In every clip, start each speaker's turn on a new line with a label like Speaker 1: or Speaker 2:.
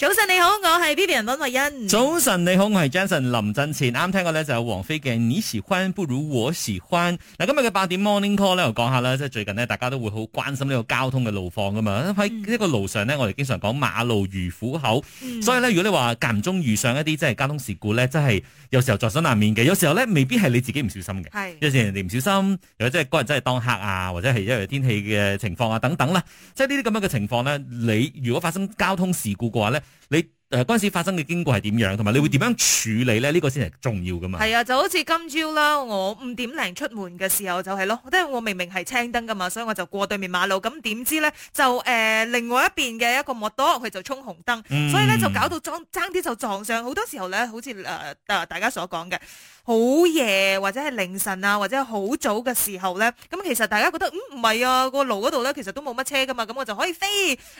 Speaker 1: 早晨你好，我係 Vivian 溫
Speaker 2: 慧欣。早晨你好，我係 Jensen 林振前。啱聽過咧就有、是、王菲嘅你喜歡不如我喜歡。嗱，今日嘅八點 Morning Call 咧又講下啦，即係最近呢，大家都會好關心呢個交通嘅路況噶嘛。喺呢個路上呢，我哋經常講馬路如虎口，嗯、所以呢，如果你話間唔中遇上一啲即係交通事故呢，真係有時候在所難免嘅。有時候呢未必係你自己唔小心嘅，有時人哋唔小心，又或者係人真係當黑啊，或者係因為天氣嘅情況啊等等啦。即係呢啲咁樣嘅情況呢。你如果發生交通事故嘅話呢。你誒嗰陣時發生嘅經過係點樣，同埋你會點樣處理咧？呢、這個先係重要噶嘛。係啊，
Speaker 1: 就好似今朝啦，我五點零出門嘅時候就係咯，即係我明明係青燈噶嘛，所以我就過對面馬路，咁點知咧就誒、呃、另外一邊嘅一個摩托佢就衝紅燈，嗯、所以咧就搞到裝爭啲就撞上，好多時候咧好似誒誒大家所講嘅。好夜或者係凌晨啊，或者好早嘅時候呢，咁其實大家覺得嗯唔係啊，個路嗰度呢，其實都冇乜車噶嘛，咁我就可以飛。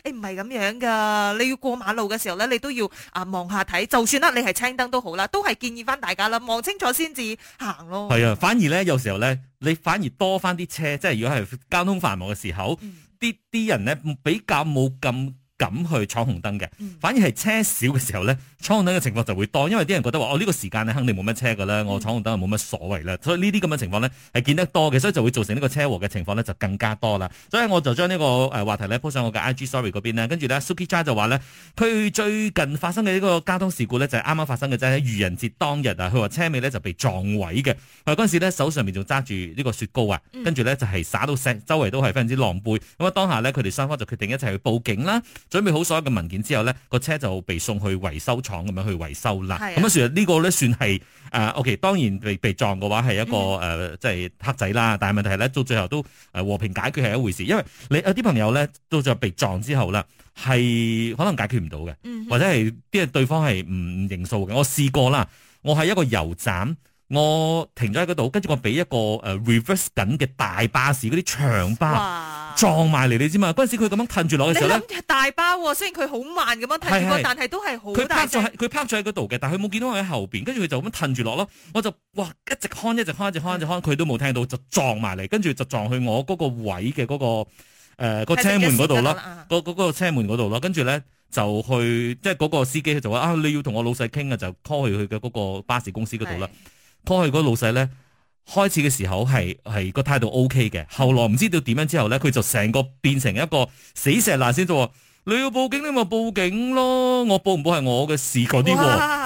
Speaker 1: 誒唔係咁樣噶，你要過馬路嘅時候呢，你都要啊望下睇，就算啦，你係青燈都好啦，都係建議翻大家啦，望清楚先至行咯。係啊，
Speaker 2: 反而呢，有時候呢，你反而多翻啲車，即係如果係交通繁忙嘅時候，啲啲、嗯、人呢比較冇咁。咁去闖紅燈嘅，嗯、反而係車少嘅時候咧，闖紅燈嘅情況就會多，因為啲人覺得話，我、哦、呢、呢個時間咧肯定冇乜車噶啦，嗯、我闖紅燈又冇乜所謂啦。所以呢啲咁嘅情況咧係見得多嘅，所以就會造成呢個車禍嘅情況咧就更加多啦。所以我就將呢個誒話題咧 po 上我嘅 IG story 嗰邊跟住咧 Suki 仔就話咧，佢最近發生嘅呢個交通事故咧就係啱啱發生嘅啫，喺愚人節當日啊，佢話車尾咧就被撞毀嘅，佢嗰陣時咧手上面仲揸住呢個雪糕啊，跟住咧就係、是、撒到石周圍都係非常之狼狽，咁啊當下咧佢哋三方就決定一齊去報警啦。準備好所有嘅文件之後咧，個車就被送去維修廠咁樣去維修啦。咁啊，其實呢個咧算係誒、啊、OK。當然被被撞嘅話係一個誒，即係、嗯哼呃就是、黑仔啦。但係問題係咧，到最後都誒和平解決係一回事，因為你有啲、啊、朋友咧到最後被撞之後啦，係可能解決唔到嘅，嗯、哼或者係啲對方係唔認數嘅。我試過啦，我喺一個油站，我停咗喺嗰度，跟住我俾一個誒 reverse 緊嘅大巴士嗰啲長巴撞埋嚟你知嘛？嗰陣時佢咁樣褪住落嘅時候，你
Speaker 1: 諗大包、啊，雖然佢好慢咁樣褪住落，但係都係好大。佢趴咗喺
Speaker 2: 佢趴咗喺嗰度嘅，但係佢冇見到佢喺後邊，跟住佢就咁樣褪住落咯。我就哇，一直看、一直看、一直看，一直 call 佢都冇聽到，就撞埋嚟，跟住就撞去我嗰個位嘅嗰、嗰個誒個、呃、車門嗰度啦，嗰嗰個車門嗰度啦。跟住咧就去即係嗰個司機就話啊，你要同我老細傾啊，就 call 去佢嘅嗰個巴士公司嗰度啦，call 去嗰老細咧。開始嘅時候，係係個態度 OK 嘅，後來唔知道點樣之後咧，佢就成個變成一個死石爛先啫你要報警，你咪報警咯。我報唔報係我嘅事嗰啲，即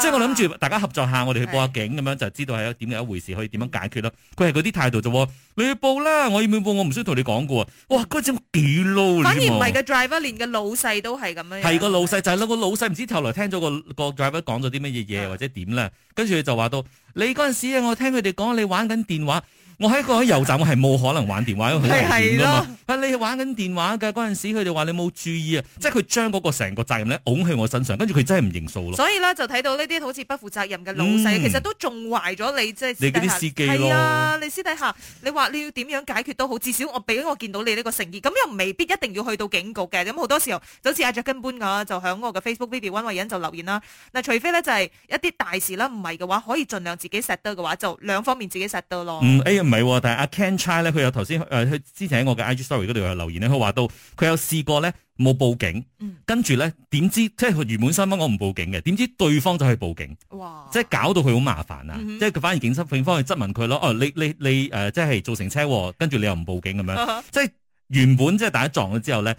Speaker 2: 係哇我諗住大家合作下，我哋去報下警咁樣，是就知道係點嘅一回事，可以點樣解決咯。佢係嗰啲態度啫。你去報啦，我要唔要報？我唔需要同你講噶。哇，嗰陣幾 low 嘅，反而唔係個
Speaker 1: driver，連個老細都係咁樣。係個
Speaker 2: 老細就係咯，個老細唔知後來聽咗個個 driver 講咗啲乜嘢嘢，或者點啦。跟住佢就話到你嗰陣時，我聽佢哋講你玩緊電話。我喺個喺油站，我係冇可能玩電話咯，係係咯。啊的，你玩緊電話嘅嗰陣時，佢哋話你冇注意啊，即係佢將嗰個成個責任咧拱喺我身上，跟住佢真係唔認數咯。所以
Speaker 1: 咧就睇到呢啲好似不負責任嘅老細，嗯、其實都仲壞咗你即係你啲司機咯。係啊，你私底下你話你要點樣解決都好，至少我俾我見到你呢個誠意，咁又未必一定要去到警局嘅。咁好多時候 one, 就好似阿卓根搬啊，就響我嘅 Facebook video 溫慧欣就留言啦。嗱，除非咧就係一啲大事啦，唔係嘅話可以盡量自己 set 嘅話，就兩方面自己 set 咯。嗯
Speaker 2: 唔係喎，但係阿 Ken Chai 咧，佢有頭先誒，佢之前喺我嘅 IG Story 嗰度有留言咧，佢話到佢有試過咧冇報警，嗯、跟住咧點知即係佢原本心諗我唔報警嘅，點知對方就去報警，哇即係搞到佢好麻煩啊！嗯、哼即係佢反而警察警方去質問佢咯，哦你你你誒、呃、即係造成車禍，跟住你又唔報警咁樣，啊、哈即係。原本即係大家撞咗之後咧，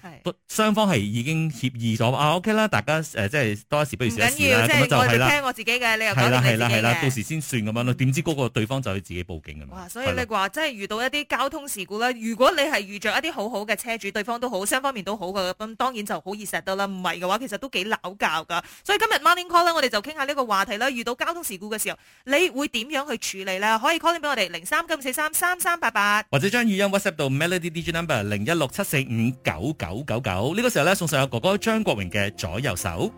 Speaker 2: 雙是方係已經協議咗啊 OK 啦，大家誒、呃、即係多一時不如少一時啦。係就即係我哋聽我
Speaker 1: 自己嘅，你又講你自己嘅，係啦係啦係啦，到時
Speaker 2: 先算咁樣咯。點知嗰個對方就去自己報警噶嘛？哇！所以你
Speaker 1: 話的即係遇到一啲交通事故咧，如果你係遇着一啲好好嘅車主，對方都好，雙方面都好嘅，咁當然就好易錫得啦。唔係嘅話，其實都幾鬧鬧噶。所以今日 Morning Call 咧，我哋就傾下呢個話題啦。遇到交通事故嘅時候，你會點樣去處理咧？可以 call in 俾我哋零三九四三三三八八，
Speaker 2: 或者將語音 WhatsApp 到 Melody DJ Number 零。一六七四五九九九九，呢個時候咧，送上阿哥哥張國榮嘅左右手。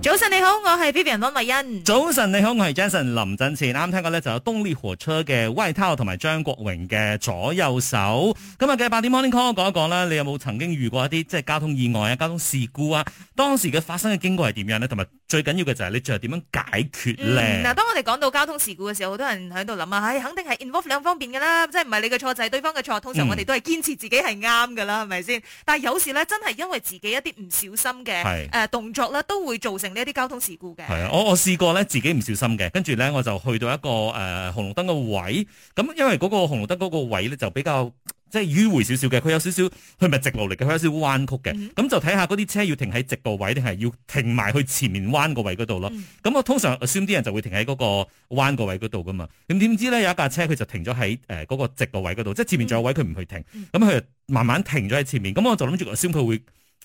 Speaker 2: 早晨你好，我係 Vivian 溫慧欣。早晨你好，我係 Jason 林振前。啱啱聽過咧，就有東列火車嘅 White 威濤同埋張國榮嘅左右手。今日嘅八點 morning call 講一講啦，你有冇曾經遇過一啲即係交通意外啊、交通事故啊？當時嘅發生嘅經過係點樣咧？同埋。最緊要嘅就係你最後點樣解決咧？嗱、嗯，
Speaker 1: 當我哋講到交通事故嘅時候，好多人喺度諗啊，唉、哎，肯定係 involve 兩方面嘅啦，即係唔係你嘅錯就係對方嘅錯，通常我哋都係堅持自己係啱嘅啦，係咪先？但係有時咧，真係因為自己一啲唔小心嘅誒是、呃、動作咧，都會造成呢一啲交通事故嘅。係啊，
Speaker 2: 我我試過咧自己唔小心嘅，跟住咧我就去到一個誒、呃、紅綠燈嘅位，咁因為嗰個紅綠燈個位咧就比較。即係迂回少少嘅，佢有少少，佢咪直路嚟嘅，佢有少少彎曲嘅，咁、嗯、就睇下嗰啲車要停喺直個位定係要停埋去前面彎個位嗰度咯。咁、嗯、我通常阿 Sam 啲人就會停喺嗰個彎個位嗰度噶嘛。咁點知咧有一架車佢就停咗喺誒嗰個直個位嗰度，即係前面仲有位佢唔去停，咁佢、嗯、慢慢停咗喺前面。咁、嗯、我就諗住阿 Sam 佢會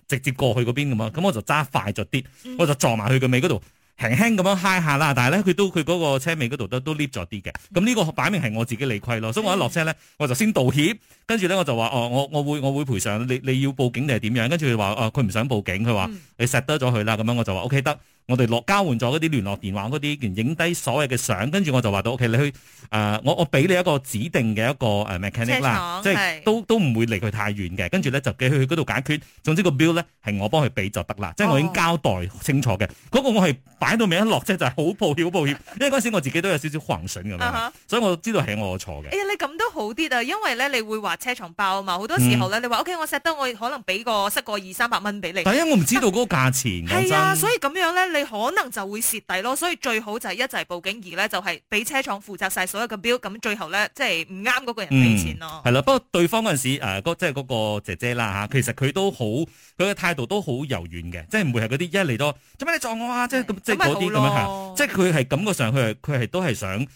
Speaker 2: 直接過去嗰邊噶嘛，咁、嗯、我就揸快咗啲，嗯、我就撞埋去佢嘅尾嗰度。輕輕咁樣嗨下啦，但係咧佢都佢嗰個車尾嗰度都都裂咗啲嘅。咁呢個擺明係我自己理虧咯，所以我一落車咧，我就先道歉，跟住咧我就話哦，我我會我會賠償你，你要報警定係點樣？跟住佢話哦，佢、呃、唔想報警，佢話、嗯、你 set 得咗佢啦，咁樣我就話 O K 得。OK。我哋落交換咗嗰啲聯絡電話，嗰啲影低所有嘅相，跟住我就話到：O K，你去誒、呃，我我俾你一個指定嘅一個誒 mechanic 啦，即係都都唔會離佢太遠嘅。跟住咧就叫佢去嗰度解決。總之個 bill 咧係我幫佢俾就得啦，即係我已經交代清楚嘅。嗰、哦、個我係擺到名一落，即就係、是、好抱歉，好抱歉，因為嗰時我自己都有少少狂蠢咁樣，所以我知道係我嘅錯嘅。哎呀、uh
Speaker 1: huh. 欸，你咁都好啲啊，因為咧你會話車廠包啊嘛，好多時候咧、嗯、你話 O K，我 s 得我可能俾個塞個二三百蚊俾你。但一我唔
Speaker 2: 知道嗰個價錢。係啊，所
Speaker 1: 以咁樣咧。你可能就會蝕底咯，所以最好就係一就係報警，二咧就係、是、俾車廠負責晒所有嘅標，咁最後咧即係唔啱嗰個人俾錢咯。
Speaker 2: 係啦、嗯，不過對方嗰陣時、呃、即係嗰個姐姐啦嚇，其實佢都好，佢嘅態度都好柔軟嘅，即係唔會係嗰啲一嚟多，做咩你撞我啊，即係咁即係嗰啲咁樣即係佢係感覺上佢係佢係都係想，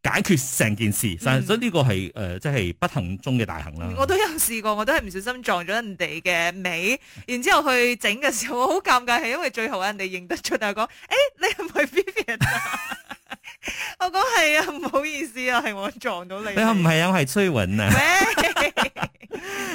Speaker 2: 解決成件事，所以呢個係誒，即係不幸中嘅大幸啦、嗯。
Speaker 1: 我都有試過，我都係唔小心撞咗人哋嘅尾，然之後去整嘅時候，我好尷尬，係因為最後人哋認得出，就講：誒、欸，你係咪 Vivian？我講係啊，唔、嗯、好意思啊，係我撞到你。你唔係啊，
Speaker 2: 係崔云啊。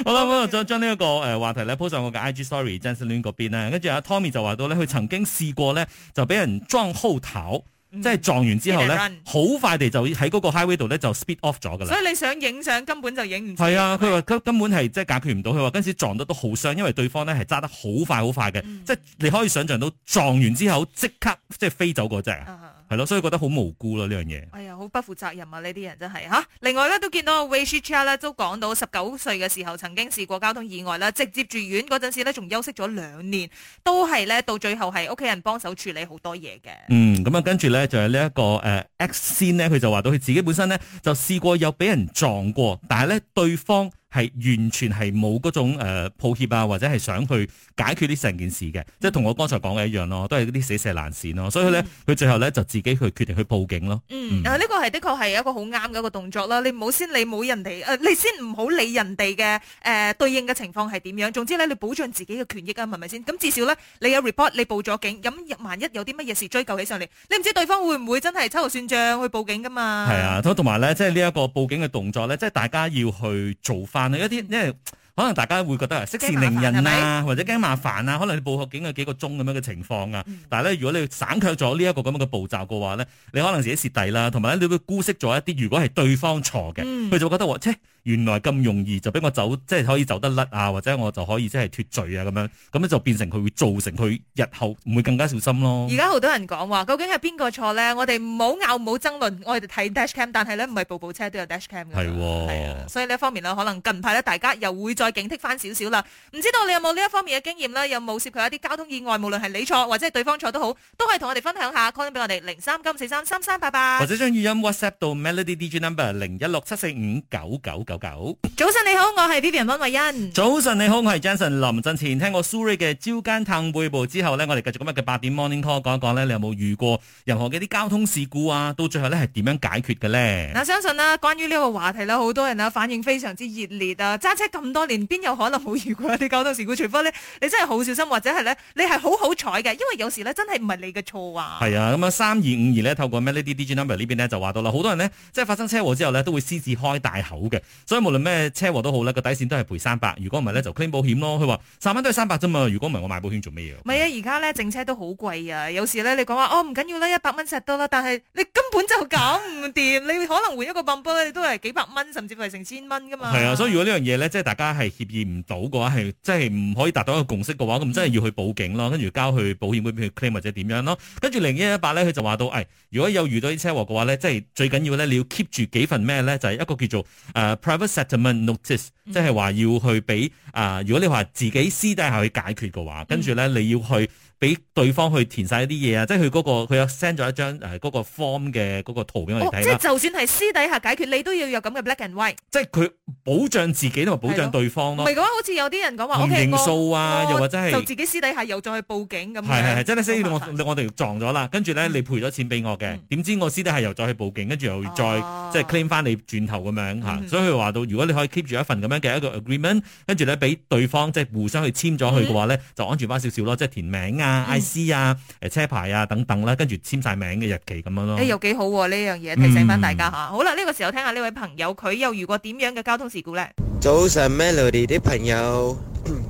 Speaker 2: 好啦，我就將呢一個誒話題咧鋪上我嘅 IG story 真實戀嗰邊啦。跟住阿 Tommy 就話到咧，佢曾經試過咧，就俾人撞後頭。嗯、即係撞完之後咧，好 a 快地就喺嗰個 highway 度咧就 speed off 咗噶啦。所以
Speaker 1: 你想影相根本就影唔到。
Speaker 2: 係啊，佢話嗎根本係即係解決唔到，佢話嗰時撞得都好傷，因為對方咧係揸得好快好快嘅，嗯、即係你可以想象到撞完之後即刻即係飛走嗰隻。Uh huh. 係咯，所以覺得好無辜咯呢樣嘢。
Speaker 1: 哎呀，好不負責任啊！呢啲人真係吓、啊。另外咧，都見到 Wesley Cha 咧都講到十九歲嘅時候曾經試過交通意外啦，直接住院嗰陣時咧，仲休息咗兩年，都係咧到最後係屋企人幫手處理好多嘢嘅。嗯，
Speaker 2: 咁啊，跟住咧就係呢一個誒 X 先呢，佢就話、是這個呃、到佢自己本身咧就試過有俾人撞過，但係咧對方。係完全係冇嗰種誒抱歉啊，或者係想去解決呢成件事嘅，即係同我剛才講嘅一樣咯，都係嗰啲死蛇爛鱔咯。所以咧，佢最後咧就自己去決定去報警咯。
Speaker 1: 嗯，啊呢個係的確係一個好啱嘅一個動作啦。你唔好先理冇人哋，誒你先唔好理人哋嘅誒對應嘅情況係點樣。總之咧，你保障自己嘅權益啊，係咪先？咁至少咧，你有 report，你報咗警，咁萬一有啲乜嘢事追究起上嚟，你唔知對方會唔會真係秋後算賬去報警噶嘛？係啊，
Speaker 2: 同同埋咧，即係呢一個報警嘅動作咧，即係大家要去做翻。但係一啲，因為、嗯、可能大家會覺得啊，息事寧人啊，啊或者驚麻煩啊，可能你報學警嘅幾個鐘咁樣嘅情況啊。嗯、但係咧，如果你省卻咗呢一個咁樣嘅步驟嘅話咧，你可能自己蝕底啦，同埋咧你會姑息咗一啲，如果係對方錯嘅，佢、嗯、就會覺得我切。原來咁容易就俾我走，即係可以走得甩啊，或者我就可以即係脫罪啊，咁樣咁咧就變成佢會造成佢日後唔會更加小心咯。而
Speaker 1: 家好多人講話，究竟係邊個錯咧？我哋唔好拗，唔好爭論，我哋睇 dashcam，但係咧唔係部部車都有 dashcam 嘅。
Speaker 2: 係哦，係啊，所
Speaker 1: 以呢一方面咧，可能近排咧，大家又會再警惕翻少少啦。唔知道你有冇呢一方面嘅經驗咧？有冇涉及一啲交通意外，無論係你錯或者係對方錯都好，都可以同我哋分享下，call 俾我哋零三九四三三三八八，或者
Speaker 2: 將語音 whatsapp 到 Melody DJ number 零一六七四五九九九。九，
Speaker 1: 早晨你好，我係 P P M 溫慧欣。
Speaker 2: 早晨你好，我係 Jensen 林振前。聽過 r 瑞嘅《朝間探背部》之後呢我哋繼續今日嘅八點 Morning Call，講一講呢你有冇遇過任何嘅啲交通事故啊？到最後呢係點樣解決嘅咧？嗱，
Speaker 1: 相信呢、啊、關於呢個話題呢好多人啊反應非常之熱烈啊！揸車咁多年，邊有可能冇遇過啲、啊、交通事故？除非呢你真係好小心，或者係呢你係好好彩嘅，因為有時呢真係唔係你嘅錯啊！
Speaker 2: 係啊，咁啊三二五二呢透過咩呢啲 D G number 呢邊呢就話到啦，好多人呢，即係發生車禍之後呢都會私自開大口嘅。所以無論咩車禍都好咧，個底線都係賠三百。如果唔係咧就 claim 保險咯。佢話十蚊都係三百啫嘛。如果唔係我買保險做咩嘢？
Speaker 1: 唔係啊，而家咧整車都好貴啊。有時咧你講話哦唔緊要啦，一百蚊食得啦。但係你根本就搞唔掂， 你可能換一個泵泵你都係幾百蚊，甚至係成千蚊噶嘛。係啊，所
Speaker 2: 以如果呢樣嘢咧，即係大家係協議唔到嘅話，係即係唔可以達到一個共識嘅話，咁真係要去報警咯，跟住交去保險公司去 claim 或者點樣咯。跟住零一一八咧，佢就話到誒、哎，如果有遇到啲車禍嘅話咧，即係最緊要咧你要 keep 住幾份咩咧，就係、是、一個叫做誒。呃有個 settlement notice，即係話要去俾啊、呃。如果你話自己私底下去解決嘅話，跟住咧你要去。俾對方去填晒一啲嘢啊，即係佢嗰個佢有 send 咗一張誒嗰個 form 嘅嗰個圖俾我嚟睇。即係就
Speaker 1: 算係私底下解決，你都要有咁嘅 black and white。
Speaker 2: 即係佢保障自己同埋保障對方咯。唔係嘅話，
Speaker 1: 好似有啲人講話唔認數啊，又或者係就自己私底下又再去報警咁樣。係
Speaker 2: 係係，先我我哋撞咗啦，跟住咧你賠咗錢俾我嘅，點知我私底下又再去報警，跟住又再即係 claim 翻你轉頭咁樣嚇。所以佢話到，如果你可以 keep 住一份咁樣嘅一個 agreement，跟住咧俾對方即係互相去簽咗佢嘅話咧，就安全翻少少咯，即係填名。啊，I C 啊，誒，車牌啊等等啦，跟住簽晒名嘅日期咁樣咯。誒，又
Speaker 1: 幾好呢樣嘢，提醒翻大家吓。好啦，呢個時候聽下呢位朋友，佢又遇過點樣嘅交通事故咧？
Speaker 2: 早晨 Melody 啲朋友，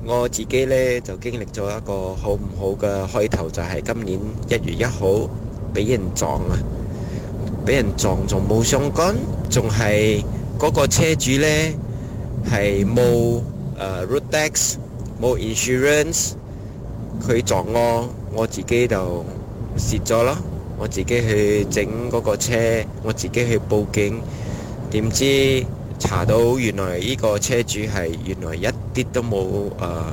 Speaker 2: 我自己咧就經歷咗一個好唔好嘅開頭，就係今年一月一號俾人撞啊，俾人撞仲冇相干，仲係嗰個車主咧係冇誒 road tax 冇 insurance。佢撞我，我自己就蝕咗囉。我自己去整嗰個車，我自己去報警。點知查到原來呢個車主係原來一啲都冇誒、呃、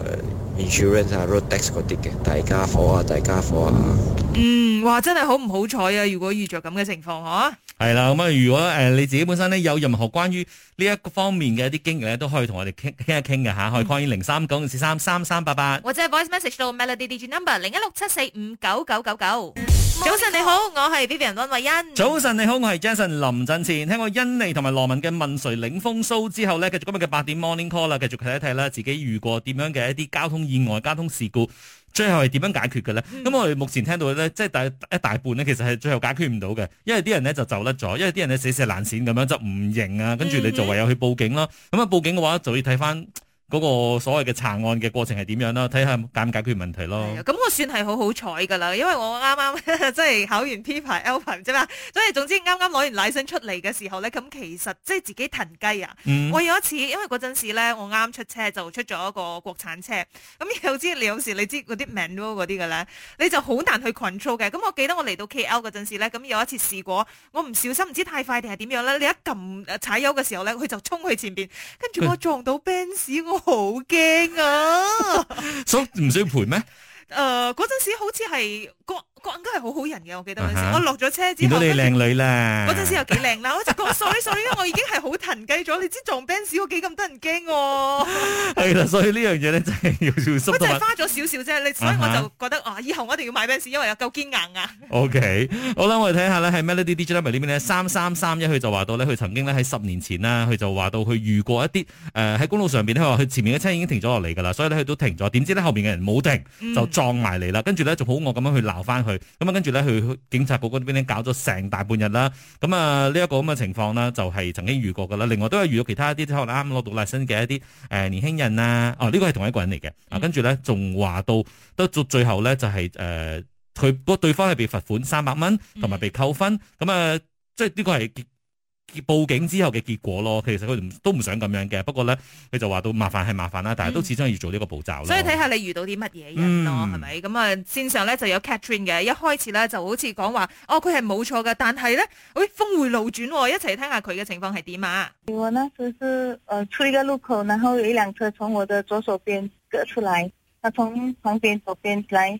Speaker 2: insurance 啊 road tax 嗰啲嘅大家伙啊大家伙啊！
Speaker 1: 伙啊嗯，哇，真係好唔好彩啊！如果遇着咁嘅情況，吓。
Speaker 2: 係啦，咁啊， 如果誒、呃、你自己本身咧有任何關於呢一個方面嘅一啲經驗咧，都可以同我哋傾傾一傾嘅嚇，係關於零三九五四三三三八八，
Speaker 1: 或者係 voice message 到 melody digit number 零一六七四五九九九九。早晨你好，我係 B B 人安
Speaker 2: 慧欣。早晨你好，我係 Jason 林振前。聽過甄妮同埋羅文嘅問誰領風騷之後咧，繼續今日嘅八點 morning call 啦。繼續睇一睇啦，自己遇過點樣嘅一啲交通意外、交通事故，最後係點樣解決嘅咧？咁、嗯、我哋目前聽到咧，即係大一大半咧，其實係最後解決唔到嘅，因為啲人咧就走甩咗，因為啲人咧死死難閃咁樣就唔認啊，跟住你就唯有去報警囉。咁啊、嗯哼，報警嘅話就要睇返。嗰個所謂嘅查案嘅過程係點樣啦？睇下解唔解決問題咯。
Speaker 1: 咁我算係好好彩㗎啦，因為我啱啱即係考完 P 牌 L 牌啫嘛。所以總之啱啱攞完駕駛出嚟嘅時候咧，咁其實即係自己騰雞啊！嗯、我有一次，因為嗰陣時咧，我啱出車就出咗一個國產車，咁有知你有時你知嗰啲 man 嗰啲嘅咧，你就好難去 control 嘅。咁我記得我嚟到 KL 嗰陣時咧，咁有一次試過我唔小心，唔知太快定係點樣啦，你一撳踩油嘅時候咧，佢就衝去前邊，跟住我撞到 benz。好驚啊！
Speaker 2: 所唔 需要賠咩？
Speaker 1: 誒、呃，嗰陣時好似係郭郭，應該係好好人嘅，我記得嗰陣時。Uh huh. 我落咗車之後，見到你靚
Speaker 2: 女啦。嗰陣時又
Speaker 1: 幾靚啦， 我就講 sorry sorry 我已經係好騰雞咗。你知撞 Benz 我幾咁得人驚？
Speaker 2: 係啦， 所以呢樣嘢咧真係要小心。唔係花咗少少啫，你所以我就
Speaker 1: 覺得啊，以後我一定要買 Benz 因
Speaker 2: 為有夠堅硬啊。OK，好啦，我哋睇下咧喺 Melody DJ n 呢邊咧，三三三一，佢就話到咧，佢曾經咧喺十年前啦，佢就話到佢遇過一啲誒喺公路上邊咧，佢話佢前面嘅車已經停咗落嚟㗎啦，所以咧佢都停咗，點知咧後邊嘅人冇停就撞埋嚟啦，跟住咧仲好惡咁樣去鬧翻佢，咁跟住咧去警察局嗰邊咧搞咗成大半日啦。咁啊呢一個咁嘅情況啦，就係曾經遇過㗎啦。另外都係遇到其他一啲之後啱攞到駕駛證嘅一啲誒年輕人。啦，哦呢個係同一個人嚟嘅，啊跟住咧仲話到，得到最後咧就係、是、誒，佢、呃、嗰對方係被罰款三百蚊，同埋被扣分，咁啊、嗯嗯呃、即係呢個係。報警之後嘅結果咯，其實佢都唔想咁樣嘅，不過咧佢就話到麻煩係麻煩啦，但係都始終要做呢個步驟。嗯、所以睇下
Speaker 1: 你遇到啲乜嘢人
Speaker 2: 咯，
Speaker 1: 係咪、嗯？咁啊，線上咧就有 Catherine 嘅，一開始咧就好似講話哦，佢係冇錯嘅，但係咧，喂、哎，峰回路轉、哦，一齊聽下佢嘅情況
Speaker 3: 係點啊！我呢、就是，呃，出一個路口，然後有一輛車從我的左手邊隔出嚟，它從旁邊左邊來。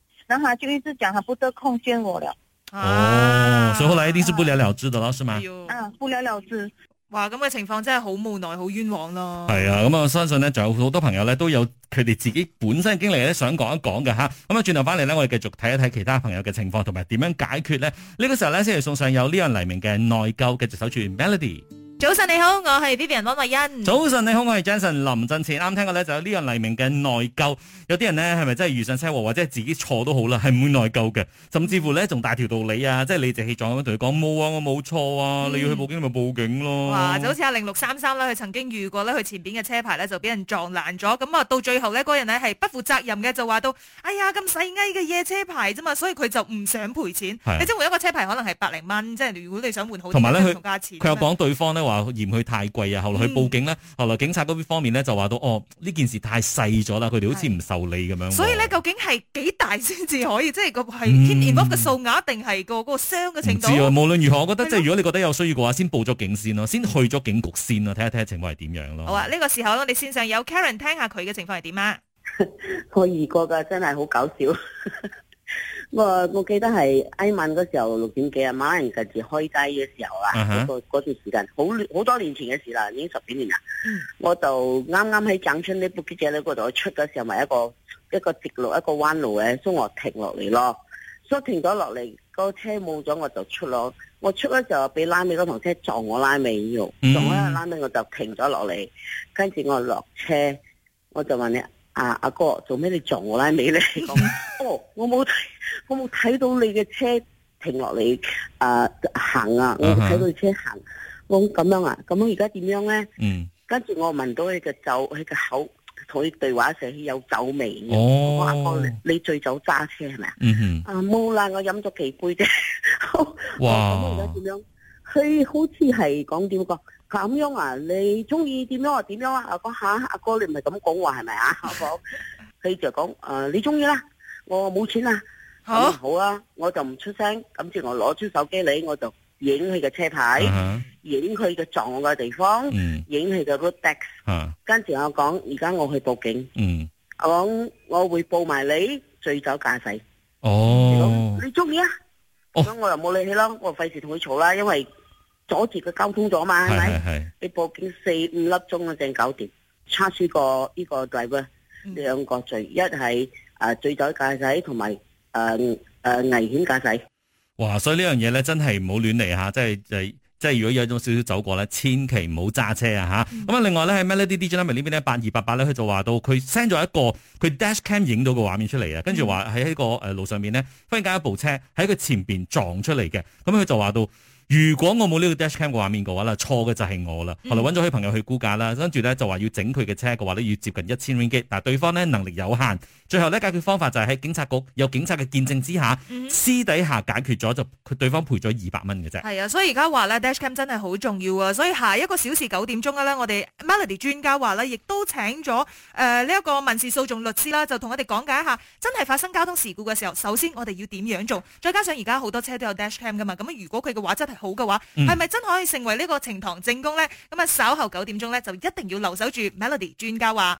Speaker 2: 然後就一直講，他不得空見我了。啊、哦，所以後來一定是不了了之的咯，是嗎？嗯、啊，不
Speaker 3: 了了之。哇，咁嘅情
Speaker 1: 況真係好無奈，好冤枉咯。係
Speaker 2: 啊，咁、嗯、啊，我相信呢，仲有好多朋友呢，都有佢哋自己本身經歷咧，想講一講嘅吓。咁啊，轉頭翻嚟呢，我哋繼續睇一睇其他朋友嘅情況，同埋點樣解決呢。呢、這個時候呢，先嚟送上有呢樣黎明嘅內疚，繼續守住 melody。
Speaker 1: 早晨你好，我係 Vivian 温慧欣。早晨你好，
Speaker 2: 我係 Jensen 林振前。啱聽過呢就有呢樣黎明嘅內疚，有啲人呢，係咪真係遇上車禍或者係自己錯都好啦，係唔會內疚嘅，甚至乎呢，仲大條道理啊，即係理直氣壯咁同佢講冇啊，我冇錯啊，你要去報警咪、嗯、報警咯。哇，就好
Speaker 1: 似阿零六三三啦，佢曾經遇過呢，佢前邊嘅車牌呢，就俾人撞爛咗，咁啊到最後呢，嗰人呢係不負責任嘅，就話到哎呀咁細蟻嘅嘢車牌啫嘛，所以佢就唔想賠錢。係。你即係換一個車牌可能係百零蚊，即係如果你想換好同埋佢，又有講
Speaker 2: 對方呢。話嫌佢太貴啊，後來去報警咧，嗯、後來警察嗰邊方面咧就話到哦，呢件事太細咗啦，佢哋好似唔受理咁樣。所以咧，
Speaker 1: 究竟係幾大先至可以？即係個係天 e 嘅數額，定係個個箱嘅程度？無論
Speaker 2: 如何，嗯、我覺得即係、嗯、如果你覺得有需要嘅話，先報咗警先啦，先去咗警局先啦，睇下睇下情況係點樣咯。好
Speaker 1: 啊，呢、這個時候我哋線上有 Karen 聽下佢嘅情況係點啊，
Speaker 4: 我二個噶真係好搞笑。 我我記得係挨晚嗰時候六點幾啊，馬雲嗰時開街嘅時候啊，嗰、uh huh，段時間，好好多年前嘅事啦，已經十幾年啦。我就啱啱喺長村呢部機者呢嗰度出嗰時候，咪一個一個直路一個彎路嘅，所以我停落嚟咯。所以停咗落嚟，個車冇咗，我就出咯。我出嗰時候俾拉尾嗰台車撞我拉尾喎，撞開拉尾我就停咗落嚟，跟住我落車，我就問你。啊！阿哥，做咩你撞我拉尾咧？ 哦，我冇，我冇睇到你嘅車停落嚟，誒、呃，行啊，我冇睇到你車行，我咁樣啊，咁樣而家點樣咧？嗯，跟住我聞到你嘅酒，你嘅口同你對話時有酒味。
Speaker 3: 哦，阿哥，
Speaker 4: 你醉酒揸車係咪啊？嗯哼，啊冇啦，我飲咗幾杯啫。
Speaker 3: 哇，咁而家
Speaker 4: 點樣？佢好似係講點講咁樣啊？你中意點樣啊？點樣啊？阿哥吓，阿哥你唔係咁講話係咪啊？我講佢就講誒，你中意啦。我冇錢啦，好，好啊，我就唔出聲。跟住我攞出手機嚟，我就影佢嘅車牌，影佢嘅撞我嘅地方，影佢嘅 road tax。跟住我講，而家我去報警。我講我會報埋你醉酒駕駛。
Speaker 3: 你中意啊？
Speaker 4: 咁我又冇理你咯，我費事同佢嘈啦，因為，阻住佢交通咗嘛？係咪？你報警四五粒鐘啊，正搞掂。查處個呢個罪喎，兩個罪，一係誒醉酒駕駛同埋誒誒危險駕駛。是是
Speaker 2: 是哇！所以呢樣嘢咧，真係唔好亂嚟吓，即係即係即係，如果有一種少少走過咧，千祈唔好揸車啊吓。咁啊，嗯、另外咧喺 Melody Dynamic 呢邊呢，八二八八咧，佢就話到佢 send 咗一個佢 dashcam 影到個畫面出嚟啊，嗯、跟住話喺呢個誒路上面咧，忽然間一部車喺佢前邊撞出嚟嘅，咁佢就話到。如果我冇呢個 dashcam 嘅畫面嘅話咧，錯嘅就係我啦。後來揾咗啲朋友去估價啦，跟住咧就話要整佢嘅車嘅話咧要接近一千 ringgit。但係對方咧能力有限，最後咧解決方法就係喺警察局有警察嘅見證之下，嗯、私底下解決咗就佢對方賠咗二百蚊嘅啫。係
Speaker 1: 啊，所以而家話咧 dashcam 真係好重要啊！所以下一個小時九點鐘嘅咧，我哋 Melody 專家話咧，亦都請咗誒呢一個民事訴訟律師啦，就同我哋講解一下，真係發生交通事故嘅時候，首先我哋要點樣做？再加上而家好多車都有 dashcam 噶嘛，咁如果佢嘅畫質真係，好嘅話，係咪真可以成為呢個呈堂證供咧？咁 啊樂，稍後九點鐘咧就一定要留守住 Melody 專家話。